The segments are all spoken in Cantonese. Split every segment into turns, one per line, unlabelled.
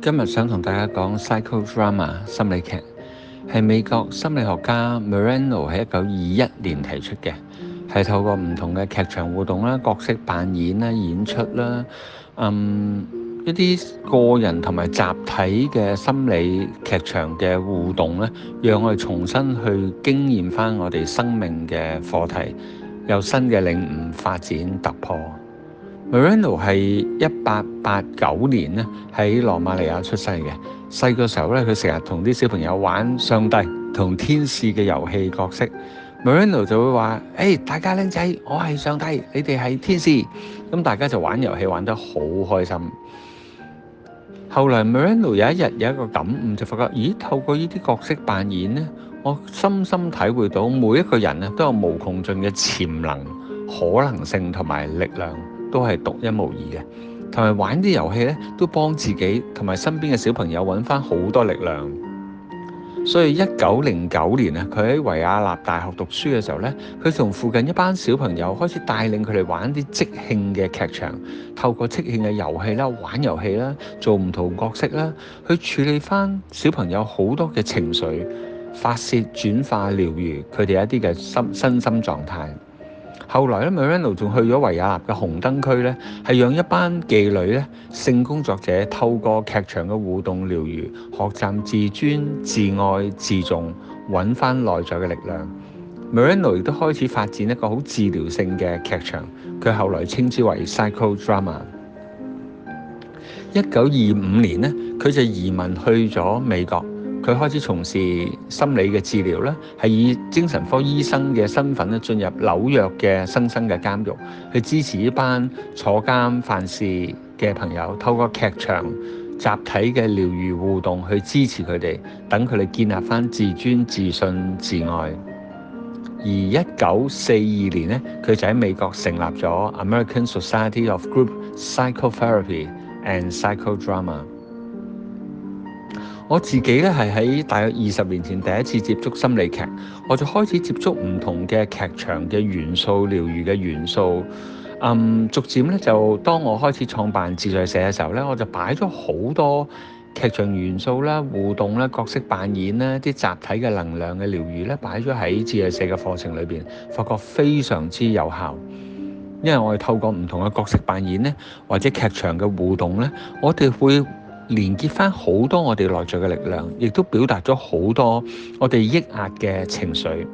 今日想同大家講 psycho drama 心理劇，係美國心理學家 Moreno 喺一九二一年提出嘅，係透過唔同嘅劇場互動啦、角色扮演啦、演出啦，嗯，一啲個人同埋集體嘅心理劇場嘅互動咧，讓我哋重新去經驗翻我哋生命嘅課題，有新嘅領悟、發展、突破。Moreno 係一八八九年咧喺羅馬尼亞出世嘅。細個時候咧，佢成日同啲小朋友玩上帝同天使嘅遊戲角色。Moreno 就會話，hey，大家僆仔，我係上帝，你哋係天使，咁大家就玩遊戲玩得好開心。後來 Moreno 有一日有一個感悟，就發覺，咦，透過呢啲角色扮演咧，我深深體會到每一個人咧都有無窮盡嘅潛能、可能性同埋力量。都係獨一無二嘅，同埋玩啲遊戲咧，都幫自己同埋身邊嘅小朋友揾翻好多力量。所以一九零九年啊，佢喺維也納大學讀書嘅時候咧，佢從附近一班小朋友開始帶領佢哋玩啲即興嘅劇場，透過即興嘅遊戲啦、玩遊戲啦、做唔同角色啦，去處理翻小朋友好多嘅情緒發泄、轉化、療愈佢哋一啲嘅心身心狀態。後來咧 Moreno 仲去咗維也納嘅紅燈區咧，係讓一班妓女咧、性工作者透過劇場嘅互動療癒，學習自尊、自愛、自重，揾翻內在嘅力量。Moreno 亦都開始發展一個好治療性嘅劇場，佢後來稱之為 psycho drama。一九二五年咧，佢就移民去咗美國。佢開始從事心理嘅治療啦，係以精神科醫生嘅身份咧進入紐約嘅新生嘅監獄，去支持一班坐監犯事嘅朋友，透過劇場集體嘅療癒互動去支持佢哋，等佢哋建立返自尊、自信、自愛。而一九四二年咧，佢就喺美國成立咗 American Society of Group Psychotherapy and Psychodrama。我自己咧係喺大約二十年前第一次接觸心理劇，我就開始接觸唔同嘅劇場嘅元素、療癒嘅元素。嗯，逐漸咧就當我開始創辦自在社嘅時候咧，我就擺咗好多劇場元素啦、互動啦、角色扮演啦、啲集體嘅能量嘅療癒咧，擺咗喺自在社嘅課程裏邊，發覺非常之有效。因為我哋透過唔同嘅角色扮演咧，或者劇場嘅互動咧，我哋會，連結翻好多我哋內在嘅力量，亦都表達咗好多我哋抑壓嘅情緒。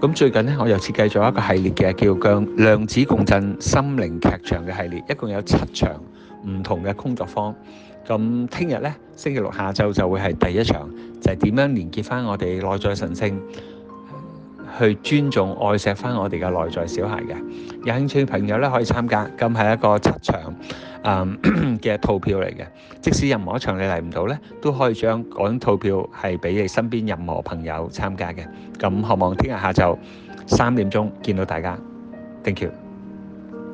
咁最近咧，我又設計咗一個系列嘅叫《量子共振心靈劇場》嘅系列，一共有七場唔同嘅工作坊。咁聽日咧，星期六下晝就會係第一場，就係、是、點樣連結翻我哋內在神聖。去尊重愛錫翻我哋嘅內在小孩嘅，有興趣朋友咧可以參加，咁係一個七場嘅嗯、套票嚟嘅。即使任何一場你嚟唔到咧，都可以將嗰套票係俾你身邊任何朋友參加嘅。咁希望聽日下晝三點鐘見到大家，Thank you。